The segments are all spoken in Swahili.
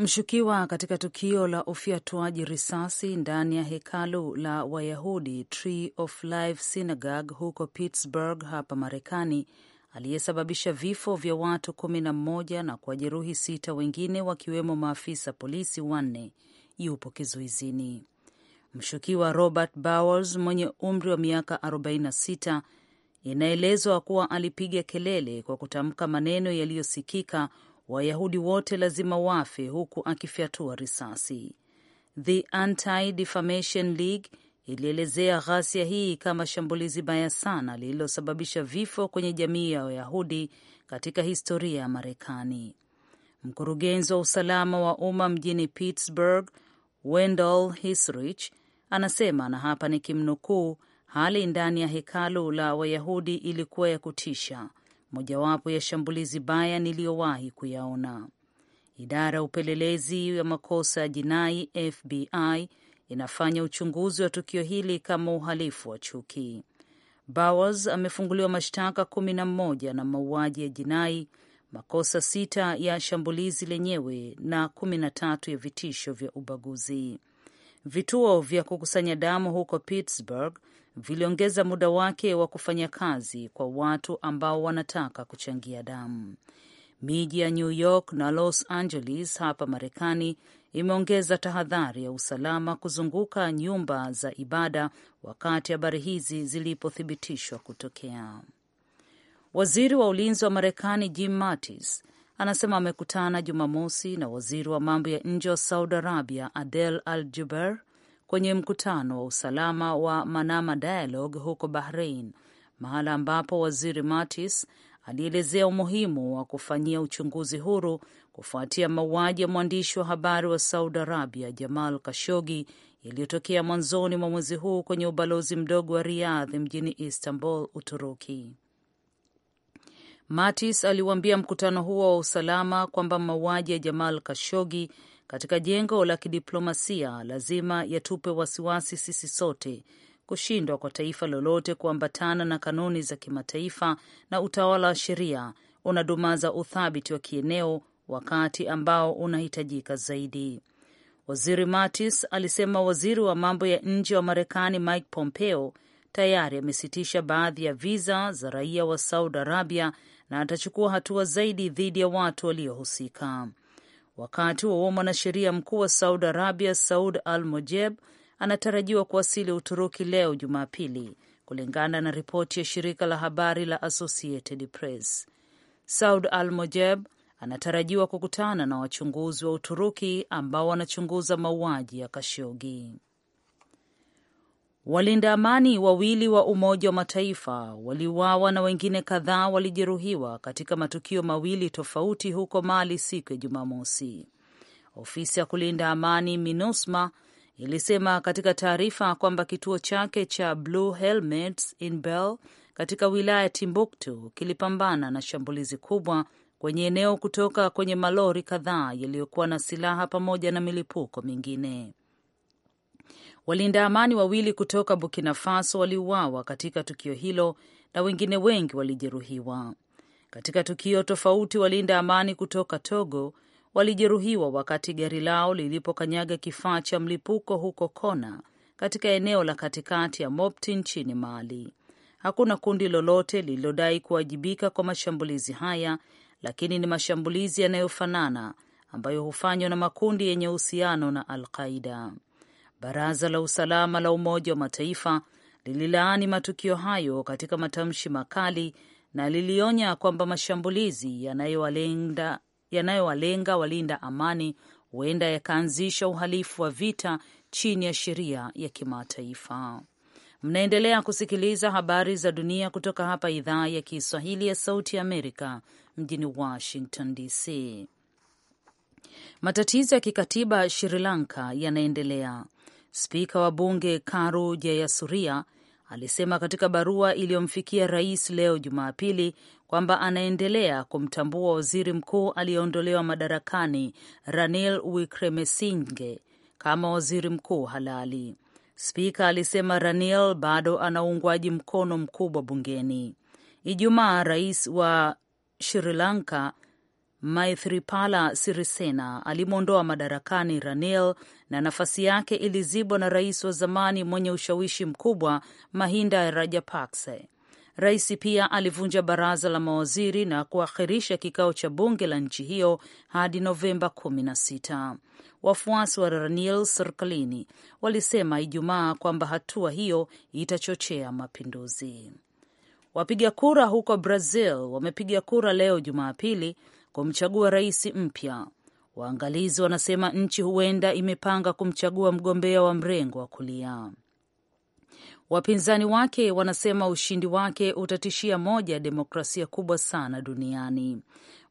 Mshukiwa katika tukio la ufyatuaji risasi ndani ya hekalu la Wayahudi Tree of Life Synagogue huko Pittsburgh hapa Marekani, aliyesababisha vifo vya watu kumi na mmoja na kuwajeruhi sita wengine wakiwemo maafisa polisi wanne, yupo kizuizini. Mshukiwa Robert Bowers mwenye umri wa miaka 46 inaelezwa kuwa alipiga kelele kwa kutamka maneno yaliyosikika Wayahudi wote lazima wafe, huku akifyatua risasi. The Anti-Defamation League ilielezea ghasia hii kama shambulizi baya sana lililosababisha vifo kwenye jamii ya Wayahudi katika historia ya Marekani. Mkurugenzi wa usalama wa umma mjini Pittsburgh, Wendell Hisrich, anasema na hapa ni kimnukuu, hali ndani ya hekalu la Wayahudi ilikuwa ya kutisha mojawapo ya shambulizi baya niliyowahi kuyaona. Idara ya upelelezi ya makosa ya jinai FBI inafanya uchunguzi wa tukio hili kama uhalifu wa chuki. Bowers amefunguliwa mashtaka kumi na mmoja na mauaji ya jinai, makosa sita ya shambulizi lenyewe na kumi na tatu ya vitisho vya ubaguzi. Vituo vya kukusanya damu huko Pittsburgh viliongeza muda wake wa kufanya kazi kwa watu ambao wanataka kuchangia damu. Miji ya New York na Los Angeles hapa Marekani imeongeza tahadhari ya usalama kuzunguka nyumba za ibada wakati habari hizi zilipothibitishwa kutokea. Waziri wa ulinzi wa Marekani Jim Mattis anasema amekutana Jumamosi na waziri wa mambo ya nje wa Saudi Arabia Adel Al Jubeir kwenye mkutano wa usalama wa Manama Dialogue huko Bahrain, mahala ambapo Waziri Mattis alielezea umuhimu wa kufanyia uchunguzi huru kufuatia mauaji ya mwandishi wa habari wa Saudi Arabia Jamal Kashogi yaliyotokea mwanzoni mwa mwezi huu kwenye ubalozi mdogo wa Riyadh mjini Istanbul, Uturuki. Mattis aliuambia mkutano huo wa usalama kwamba mauaji ya Jamal Kashogi katika jengo la kidiplomasia lazima yatupe wasiwasi sisi sote. Kushindwa kwa taifa lolote kuambatana na kanuni za kimataifa na utawala wa sheria unadumaza uthabiti wa kieneo wakati ambao unahitajika zaidi. Waziri Mattis alisema waziri wa mambo ya nje wa Marekani Mike Pompeo tayari amesitisha baadhi ya viza za raia wa Saudi Arabia na atachukua hatua zaidi dhidi ya watu waliohusika. Wakati huo mwanasheria mkuu wa Saudi Arabia Saud Al Mojeb anatarajiwa kuwasili Uturuki leo Jumapili, kulingana na ripoti ya shirika la habari la Associated Press. Saud Al Mojeb anatarajiwa kukutana na wachunguzi wa Uturuki ambao wanachunguza mauaji ya Kashogi. Walinda amani wawili wa Umoja wa Mataifa waliuawa na wengine kadhaa walijeruhiwa katika matukio mawili tofauti huko Mali siku ya Jumamosi. Ofisi ya kulinda amani MINUSMA ilisema katika taarifa kwamba kituo chake cha Blue Helmets in Bel katika wilaya ya Timbuktu kilipambana na shambulizi kubwa kwenye eneo kutoka kwenye malori kadhaa yaliyokuwa na silaha pamoja na milipuko mingine. Walinda amani wawili kutoka Burkina Faso waliuawa katika tukio hilo na wengine wengi walijeruhiwa. Katika tukio tofauti, walinda amani kutoka Togo walijeruhiwa wakati gari lao lilipokanyaga kifaa cha mlipuko huko Kona, katika eneo la katikati ya Mopti nchini Mali. Hakuna kundi lolote lililodai kuwajibika kwa mashambulizi haya, lakini ni mashambulizi yanayofanana ambayo hufanywa na makundi yenye uhusiano na Al Qaida. Baraza la Usalama la Umoja wa Mataifa lililaani matukio hayo katika matamshi makali na lilionya kwamba mashambulizi yanayowalenga yanayowalenga walinda amani huenda yakaanzisha uhalifu wa vita chini ya sheria ya kimataifa. Mnaendelea kusikiliza habari za dunia kutoka hapa idhaa ya Kiswahili ya Sauti ya Amerika mjini Washington DC. Matatizo ya kikatiba Sri Lanka yanaendelea Spika wa bunge Karu Jayasuria alisema katika barua iliyomfikia rais leo Jumapili kwamba anaendelea kumtambua waziri mkuu aliyeondolewa madarakani Ranil Wickremesinghe kama waziri mkuu halali. Spika alisema Ranil bado ana uungwaji mkono mkubwa bungeni. Ijumaa rais wa Sri Lanka Maithripala Sirisena alimwondoa madarakani Ranil na nafasi yake ilizibwa na rais wa zamani mwenye ushawishi mkubwa Mahinda Rajapakse. Rais pia alivunja baraza la mawaziri na kuakhirisha kikao cha bunge la nchi hiyo hadi Novemba 16. Wafuasi wa Ranil serikalini walisema Ijumaa kwamba hatua hiyo itachochea mapinduzi. Wapiga kura huko Brazil wamepiga kura leo Jumapili kumchagua rais mpya. Waangalizi wanasema nchi huenda imepanga kumchagua mgombea wa mrengo wa kulia. Wapinzani wake wanasema ushindi wake utatishia moja ya demokrasia kubwa sana duniani.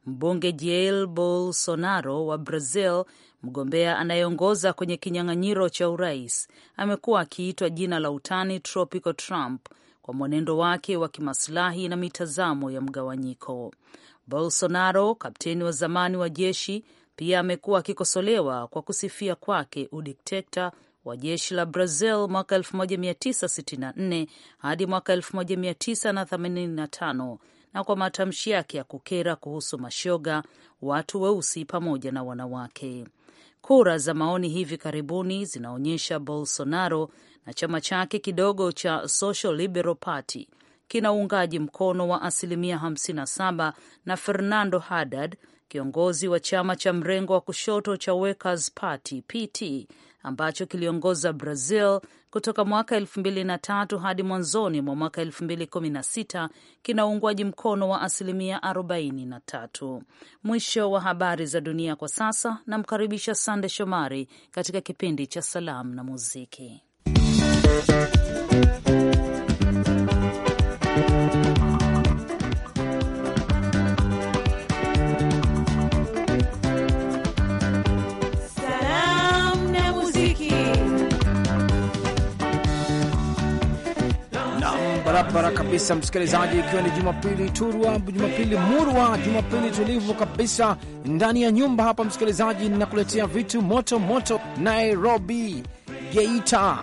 Mbunge Jair Bolsonaro wa Brazil, mgombea anayeongoza kwenye kinyang'anyiro cha urais, amekuwa akiitwa jina la utani Tropical Trump kwa mwenendo wake wa kimasilahi na mitazamo ya mgawanyiko. Bolsonaro, kapteni wa zamani wa jeshi, pia amekuwa akikosolewa kwa kusifia kwake udiktekta wa jeshi la Brazil mwaka 1964 hadi mwaka 1985 na kwa matamshi yake ya kukera kuhusu mashoga, watu weusi pamoja na wanawake. Kura za maoni hivi karibuni zinaonyesha Bolsonaro na chama chake kidogo cha Social Liberal Party kina uungaji mkono wa asilimia 57 na Fernando Haddad, kiongozi wa chama cha mrengo wa kushoto cha Workers Party PT ambacho kiliongoza Brazil kutoka mwaka 2003 hadi mwanzoni mwa mwaka 2016 kina uungwaji mkono wa asilimia 43. Mwisho wa habari za dunia kwa sasa. Namkaribisha Sande Shomari katika kipindi cha salamu na muziki. barabara kabisa, msikilizaji, ikiwa ni Jumapili turwa, Jumapili murwa, Jumapili tulivu kabisa ndani ya nyumba hapa, msikilizaji, nakuletea vitu moto moto, Nairobi, Geita,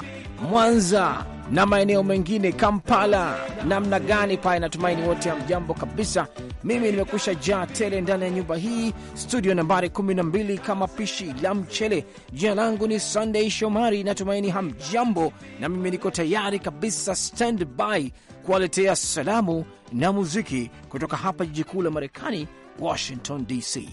Mwanza na maeneo mengine Kampala. Namna gani pale? Natumaini wote hamjambo kabisa, mimi nimekusha jaa tele ndani ya nyumba hii studio nambari 12 kama pishi la mchele. Jina langu ni Sunday Shomari, natumaini hamjambo, na mimi niko tayari kabisa stand by kuwaletea salamu na muziki kutoka hapa jiji kuu la Marekani, Washington DC.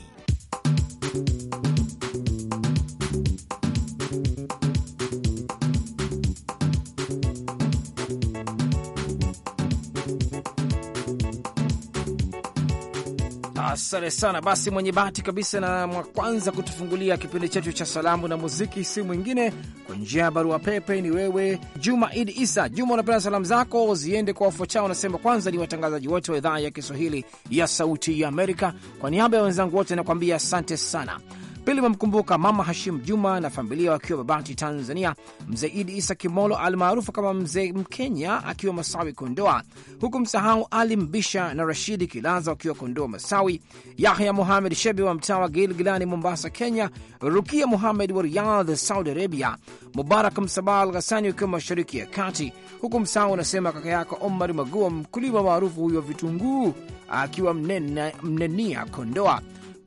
Asante sana. Basi mwenye bahati kabisa na mwa kwanza kutufungulia kipindi chetu cha salamu na muziki si mwingine kwa njia ya barua pepe, ni wewe Juma id Isa. Juma, unapenda salamu zako ziende kwa wafuatao, unasema kwanza ni watangazaji wote wa idhaa ya Kiswahili ya Sauti ya Amerika. Kwa niaba ya wenzangu wote nakwambia asante sana. Pili wamemkumbuka Mama Hashim Juma na familia wakiwa Babati, Tanzania, mzee Idi Isa Kimolo almaarufu kama mzee Mkenya akiwa Masawi, Kondoa, huku msahau Ali Mbisha na Rashidi Kilaza wakiwa Kondoa Masawi, Yahya Muhamed Shebe wa mtaa wa Gilgilani, Mombasa, Kenya, Rukia Muhamed wa Riyadh, Saudi Arabia, Mubarak Msabah Al Ghassani wakiwa Mashariki ya Kati, huku msahau unasema kaka yako Omar Magua, mkulima maarufu huyo wa vitunguu akiwa mnenia Kondoa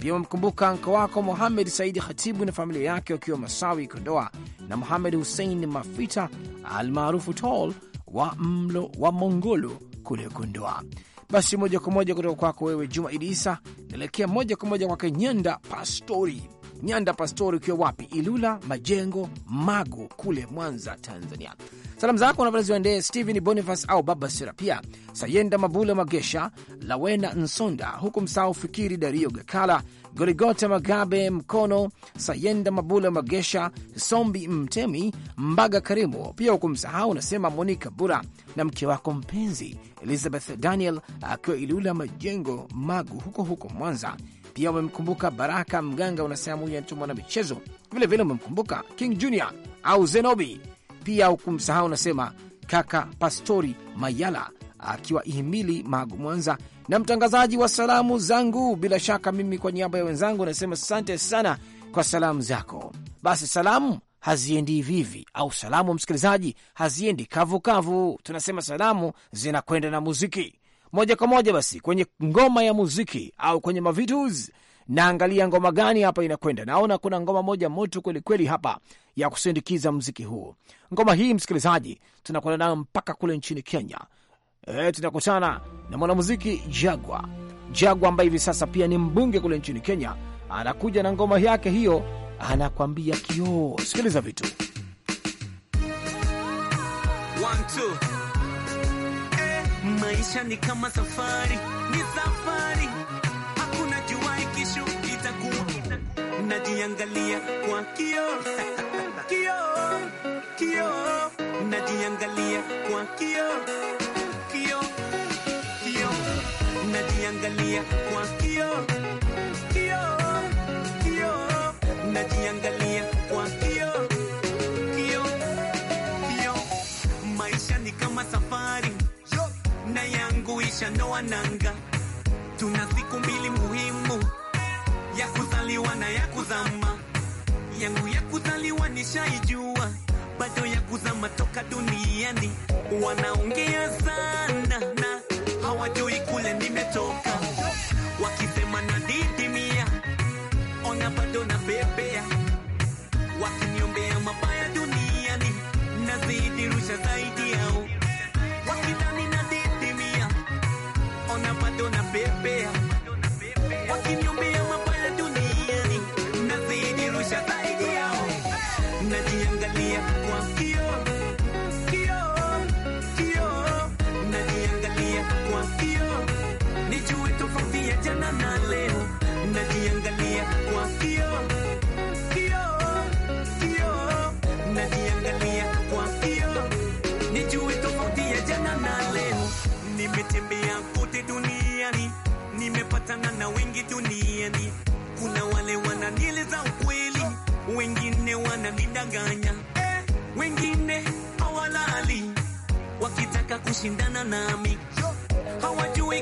pia wamkumbuka nko wako Mohamed Saidi Khatibu na familia yake wakiwa Masawi, Kondoa, na Muhamed Hussein Mafita almaarufu Tall wa mlo wa Mongolo kule Kondoa. Basi moja kwa moja kutoka kwako wewe Juma Idi Isa, naelekea moja kwa moja kwake Nyanda Pastori. Nyanda Pastori ukiwa wapi? Ilula Majengo, Magu kule Mwanza, Tanzania. Salamu zako unapenda ziwaendee Stephen Boniface au Baba Serapia, Sayenda mabule Magesha Lawena Nsonda, huku msahau Fikiri Dario Gakala, Gorigota Magabe Mkono, Sayenda mabule Magesha Sombi Mtemi, Mbaga Karimu, pia huku msahau unasema Monika Bura na mke wako mpenzi Elizabeth Daniel akiwa Ilula Majengo Magu, huko huko Mwanza. Pia umemkumbuka Baraka Mganga, unasema huyu anatuma na michezo vilevile. Umemkumbuka King Junior au Zenobi pia ukumsahau, nasema kaka Pastori Mayala akiwa Ihimili, Magu, Mwanza, na mtangazaji wa salamu zangu. Bila shaka mimi kwa niaba ya wenzangu nasema asante sana kwa salamu zako. Basi salamu haziendi vivi, au salamu msikilizaji haziendi kavukavu kavu. Tunasema salamu zinakwenda na muziki moja kwa moja. Basi kwenye ngoma ya muziki au kwenye mavitus naangalia ngoma gani hapa inakwenda. Naona kuna ngoma moja moto kweli kweli hapa ya kusindikiza mziki huu. Ngoma hii msikilizaji, tunakwenda nayo mpaka kule nchini Kenya. E, tunakutana na mwanamuziki Jagwa Jagwa ambaye hivi sasa pia ni mbunge kule nchini Kenya. Anakuja na ngoma yake hiyo, anakwambia kioo. Sikiliza vitu One, two. Eh, maisha ni kama safari, ni safari najiangalia kwa kioo kioo kioo, najiangalia kwa kioo kioo kioo, najiangalia kwa kioo kioo kioo, najiangalia kwa kioo kioo kioo. Maisha ni kama safari na yangu isha ndoa nanga, tuna siku mbili muhimu ya kuzaliwa na ya kuzama yangu ya kuzaliwa nishaijua, bado ya kuzama toka duniani. Wanaongea sana na hawajui kule nimetoka, wakisema na didimia, ona bado na bebea, wakiniombea kufanya eh, wengine hawalali wakitaka kushindana nami hawajui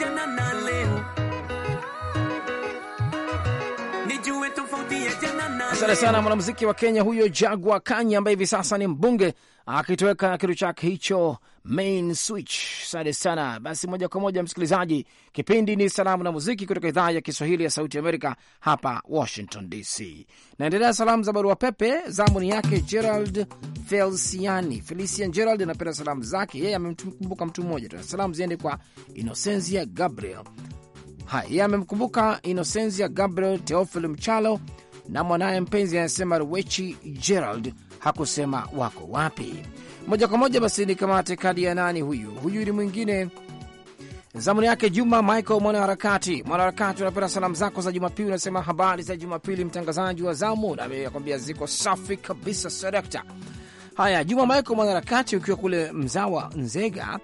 jana na leo. Asante sana mwanamuziki wa Kenya huyo Jagwa Kanye ambaye hivi sasa ni mbunge akitoweka kitu chake hicho main switch. Asante sana. Basi moja kwa moja, msikilizaji, kipindi ni salamu na muziki kutoka idhaa ya Kiswahili ya Sauti Amerika hapa Washington DC. Naendelea salamu za barua pepe, zamuni yake Gerald Felsiani, Felician Gerald anapenda salamu zake yeye, amemkumbuka mtu mmoja tu. Salamu ziende kwa Inosensia Gabriel. Haya, yeye amemkumbuka Inosensia Gabriel, Teofil Mchalo na mwanaye mpenzi anasema Ruechi Gerald hakusema wako wapi. Moja kwa moja basi ni kamate kadi ya nani. Huyu huyu ni mwingine zamuni yake Juma Michael, mwanaharakati. Mwanaharakati, unapenda salamu zako za Jumapili, unasema habari za Jumapili mtangazaji wa zamu, nami nakwambia ziko safi kabisa serekta. Haya, Juma Michael mwanaharakati, ukiwa kule Mzawa, Nzega,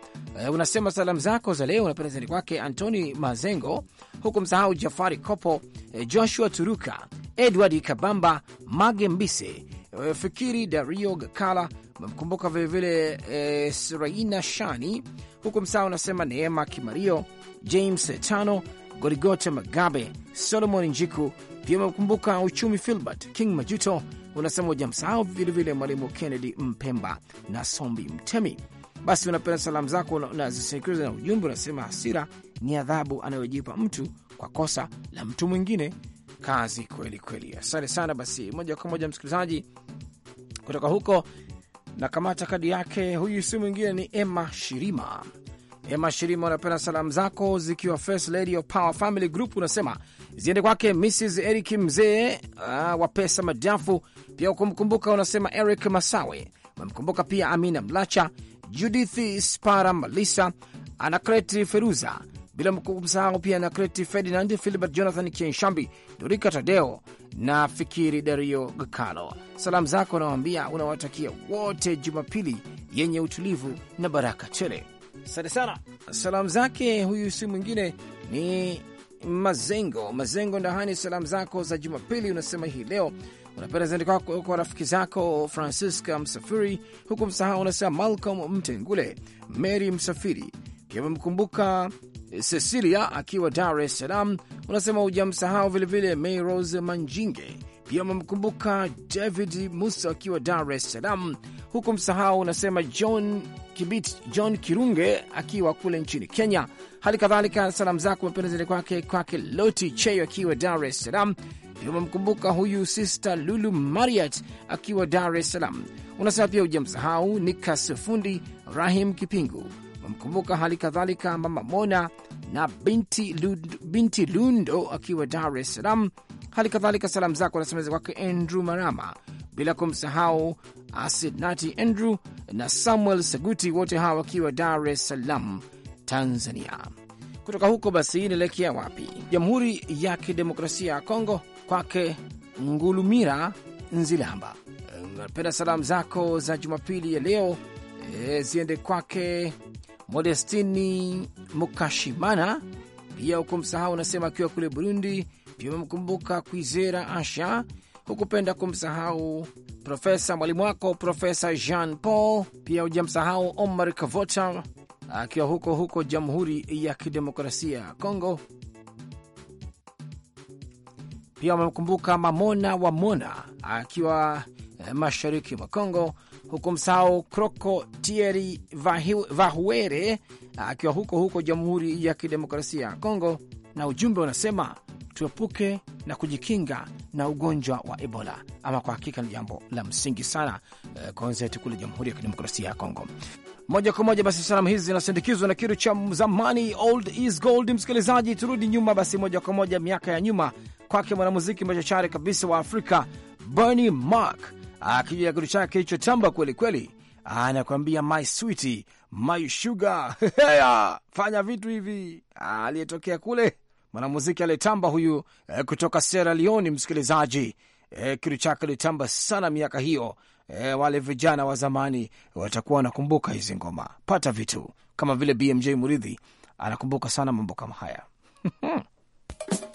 uh, unasema salamu zako za leo unapenda zani kwake Antoni Mazengo, huku msahau Jafari Kopo, eh, Joshua Turuka, Edward Kabamba, Mage Mbise Eh, fikiri Dario Gakala umemkumbuka vilevile e, eh, Suraina Shani huku msaa unasema Neema Kimario, James Tano, Gorigote Magabe, Solomon Njiku pia umemkumbuka Uchumi Filbert King Majuto, unasema ujamsahau vilevile Mwalimu Kennedy Mpemba na Sombi Mtemi. Basi unapenda salamu zako unazisinikiza na ujumbe unasema hasira ni adhabu anayojipa mtu kwa kosa la mtu mwingine kazi kweli kweli. Asante sana. Basi moja kwa moja msikilizaji kutoka huko na kamata kadi yake. Huyu si mwingine ni Emma Shirima. Emma Shirima, unapenda salamu zako zikiwa First Lady of Power Family Group, unasema ziende kwake Mrs Eric mzee uh, wa pesa madafu. Pia ukumkumbuka unasema Eric Masawe, umemkumbuka pia Amina Mlacha, Judith Spara Malisa, Anakreti Feruza bila kumsahau pia na Kreti Ferdinand, Filibert Jonathan Kienshambi, Dorika Tadeo na Fikiri Dario Gakalo. Salamu zako unawambia unawatakia wote Jumapili yenye utulivu na baraka tele. Asante sana. Salamu zake huyu si mwingine ni Mazengo Mazengo Ndahani. Salamu zako za Jumapili unasema hii leo unapenda zaidi kwako kwa rafiki zako Francisca Msafiri, huku msahau unasema Malcolm Mtengule, Mary Msafiri, pia amemkumbuka Cecilia akiwa Dar es Salaam, unasema hujamsahau vilevile Mayrose Manjinge, pia umemkumbuka David Musa akiwa Dar es Salaam, huku msahau unasema John Kibit, John Kirunge akiwa kule nchini Kenya. Hali kadhalika salamu zako mependezani kwake kwake Loti Cheyo akiwa Dar es Salaam, pia umemkumbuka huyu Sister Lulu Mariat akiwa Dar es Salaam. Unasema pia hujamsahau Nikas Fundi, Rahim Kipingu wamkumbuka hali kadhalika Mama Mona na binti Lundo, binti Lundo akiwa Dar es Salaam. Hali kadhalika salamu zako anasemeza kwake Andrew Marama, bila kumsahau Asidnati Andrew na Samuel Saguti, wote hawa wakiwa Dar es Salaam, Tanzania. Kutoka huko basi inaelekea wapi? Jamhuri ya Kidemokrasia ya Kongo, kwake Ngulumira Nzilamba. Napenda salamu zako za Jumapili ya leo e, ziende kwake Modestini Mukashimana pia hukumsahau, unasema akiwa kule Burundi. Pia umemkumbuka Kwizera Asha, hukupenda kumsahau profesa mwalimu wako Profesa Jean Paul. Pia hujamsahau Omar Kavota akiwa huko huko Jamhuri ya Kidemokrasia ya Kongo. Pia wamemkumbuka Mamona Wamona akiwa eh, mashariki mwa Kongo huku msahau Kroko Tieri Vahuere ah, akiwa huko huko Jamhuri ya Kidemokrasia ya Kongo, na ujumbe unasema tuepuke na kujikinga na ugonjwa wa Ebola. Ama kwa hakika ni jambo la msingi sana eh, kwa wenzetu kule Jamhuri ya Kidemokrasia ya Kongo. Moja kwa moja basi, salamu hizi zinasindikizwa na kitu cha zamani, old is gold. Msikilizaji, turudi nyuma basi, moja kwa moja miaka ya nyuma kwake mwanamuziki machachari kabisa wa Afrika Bernie Mac akija ah, kitu chake tamba kweli kweli, ah, anakuambia my sweet my sugar fanya vitu hivi. Ah, aliyetokea kule mwanamuziki aliyetamba huyu eh, kutoka Sierra Leone, msikilizaji E, kitu chake litamba sana miaka hiyo. E, wale vijana wa zamani watakuwa wanakumbuka hizi ngoma pata vitu kama vile BMJ Muridhi anakumbuka sana mambo kama haya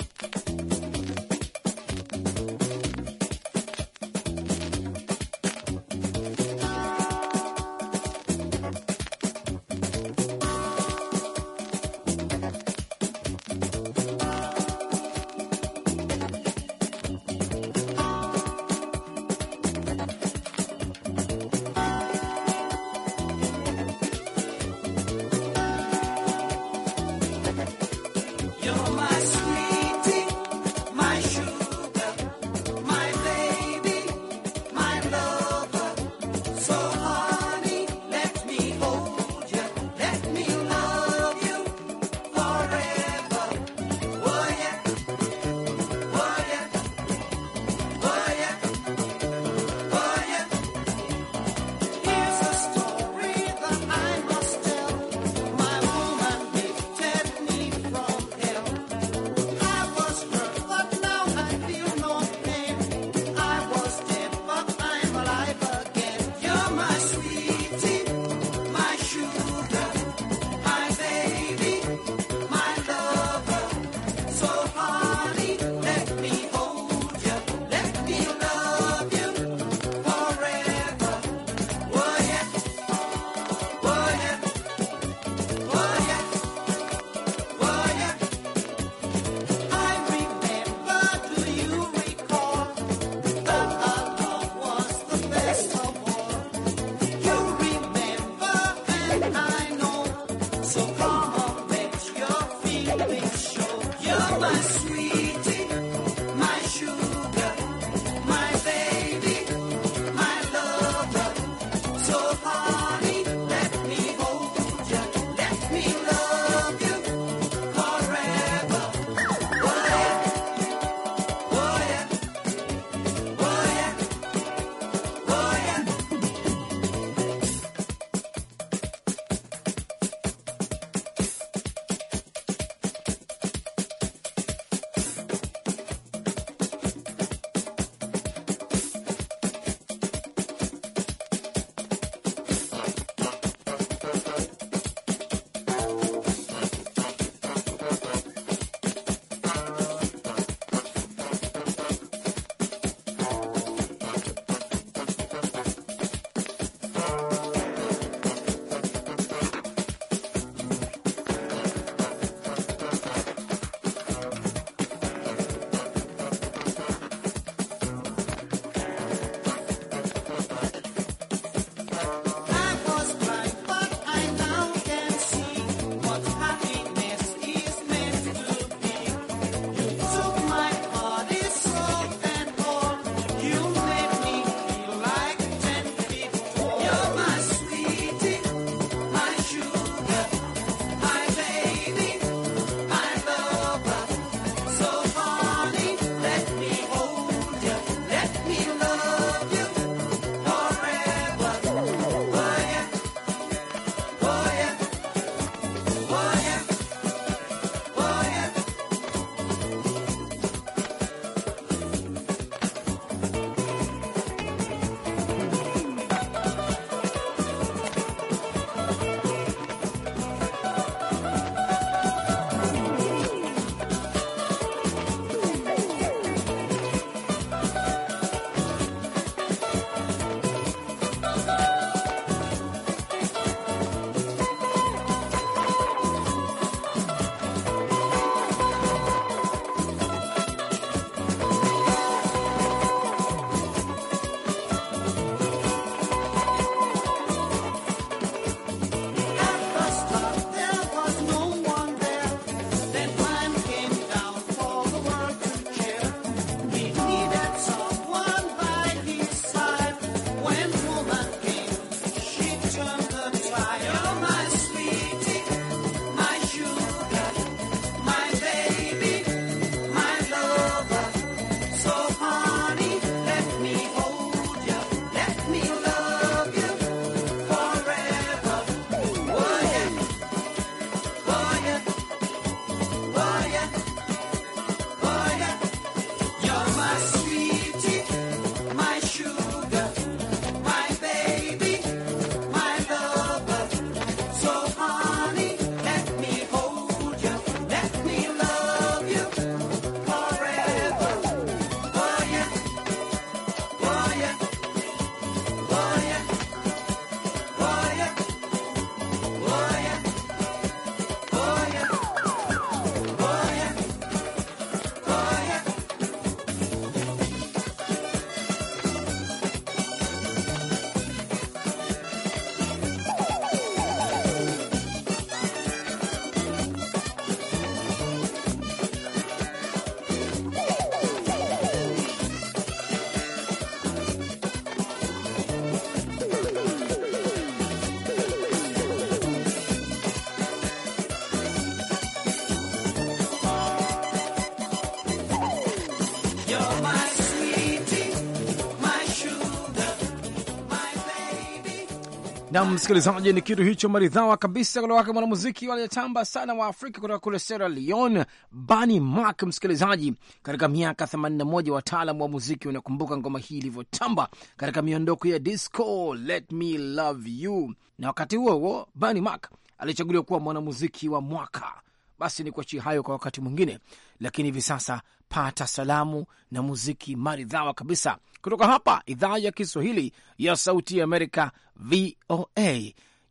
Naam msikilizaji, ni kitu hicho maridhawa kabisa kutoka wake mwanamuziki waliyetamba sana wa Afrika kutoka kule Sierra Leone, Bani Mark. Msikilizaji, katika miaka 81 wataalam wa muziki wanakumbuka ngoma hii ilivyotamba katika miondoko ya disco Let Me Love You, na wakati huo huo Bani Mark alichaguliwa kuwa mwanamuziki wa mwaka. Basi ni kuachia hayo kwa wakati mwingine, lakini hivi sasa pata salamu na muziki maridhawa kabisa kutoka hapa idhaa ya Kiswahili ya Sauti ya Amerika, VOA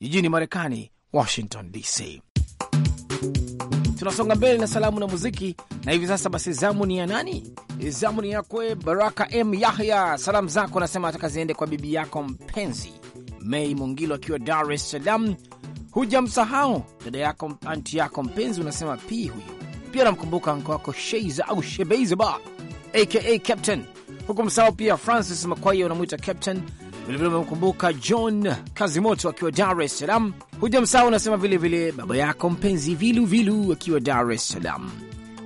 jijini Marekani, Washington DC. Tunasonga mbele na salamu na muziki, na hivi sasa basi zamu ni ya nani? Zamu ni yakwe Baraka M Yahya. Salamu zako nasema nataka ziende kwa bibi yako mpenzi Mei Mungilo akiwa Dar es Salaam. msahau dada yako, anti yako mpenzi, unasema pii huyo pia namkumbuka, nko wako Sheiza au Shebeiza aka Captain huku msahau pia Francis Makwai unamwita Captain, vilevile umemkumbuka John Kazimoto akiwa Dar es Salaam, huja msahau unasema vilevile baba yako mpenzi Viluvilu akiwa Dar es Salaam,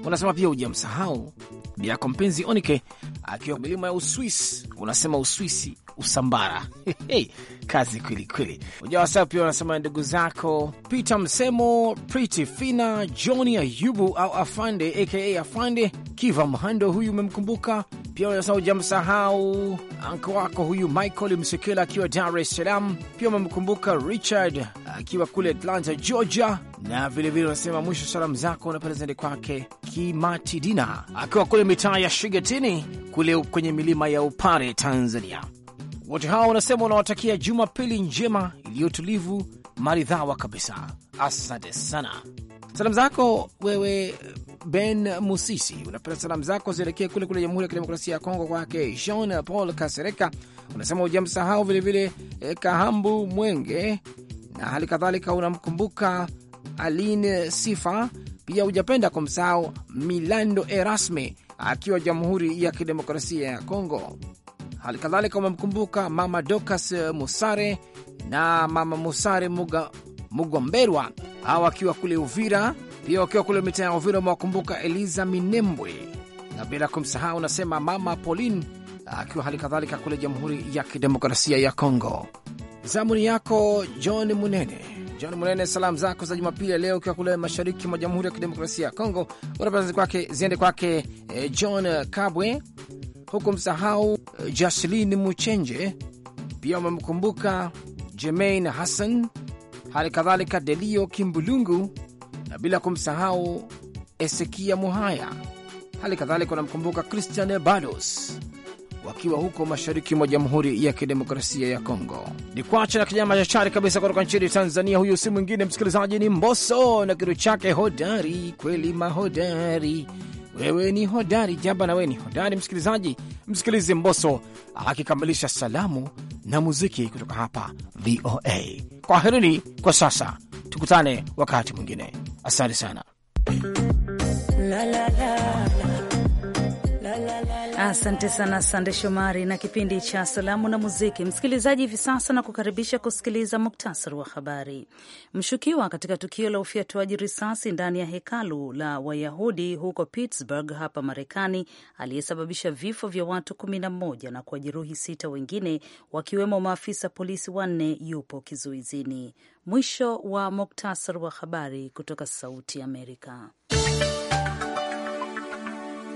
unasema pia huja msahau baba yako mpenzi Onike akiwa milima ya Uswisi, unasema Uswisi Usambara. Hey, kazi kweli Ujawa Uja pia wanasema ndugu zako Peter Msemo, Priti Fina, Johni Ayubu au Afande aka Afande Kiva Mhando, huyu umemkumbuka pia. Wanasema hujamsahau anko wako huyu Michael Msekela akiwa Dar es Salaam, pia umemkumbuka Richard akiwa kule Atlanta, Georgia na vilevile unasema mwisho salamu zako unapenda zende kwake Kimatidina akiwa kule mitaa ya Shigetini kule kwenye milima ya Upare, Tanzania. Wote hao wanasema wanawatakia Jumapili njema iliyotulivu maridhawa kabisa. Asante sana. Salamu zako wewe Ben Musisi, unapenda salamu zako zielekee kule kule Jamhuri ya Kidemokrasia ya Kongo, kwake Jean Paul Kasereka. Unasema ujamsahau vilevile eh, Kahambu Mwenge na hali kadhalika unamkumbuka Aline Sifa, pia hujapenda kumsahau Milando Erasme akiwa Jamhuri ya Kidemokrasia ya Kongo. Hali kadhalika umemkumbuka Mama Dokas eh, Musare na Mama Musare Muga, Mugwamberwa, hawa wakiwa kule Uvira. Pia wakiwa kule mitaa ya Uvira umewakumbuka Eliza Minembwe, na bila kumsahau unasema Mama Pauline eh, akiwa hali kadhalika kule Jamhuri ya Kidemokrasia ya Kongo. Zamuni yako John Munene. John Munene, salamu zako za Jumapili leo ukiwa kule mashariki mwa Jamhuri ya Kidemokrasia ya Kongo unapea kwake ziende kwake eh, John Kabwe huku msahau eh, Jaslin Muchenje, pia wamemkumbuka Jemain Hassan, hali kadhalika Delio Kimbulungu na bila kumsahau Esekia Muhaya, hali kadhalika wanamkumbuka Christian Bados wakiwa huko mashariki mwa Jamhuri ya Kidemokrasia ya Kongo. Ni kwacha na cha chari kabisa kutoka nchini Tanzania. Huyu si mwingine msikilizaji, ni mboso na kitu chake hodari, kweli mahodari wewe ni hodari jamba, na wewe ni hodari msikilizaji. Msikilize Mboso akikamilisha salamu na muziki kutoka hapa VOA. Kwaherini kwa sasa, tukutane wakati mwingine. Asante sana la, la, la. Asante sana Sande Shomari na kipindi cha salamu na muziki. Msikilizaji, hivi sasa na kukaribisha kusikiliza muktasari wa habari. Mshukiwa katika tukio la ufiatuaji risasi ndani ya hekalu la Wayahudi huko Pittsburgh hapa Marekani, aliyesababisha vifo vya watu kumi na mmoja na kuwajeruhi sita wengine, wakiwemo maafisa polisi wanne, yupo kizuizini. Mwisho wa muktasari wa habari kutoka Sauti Amerika.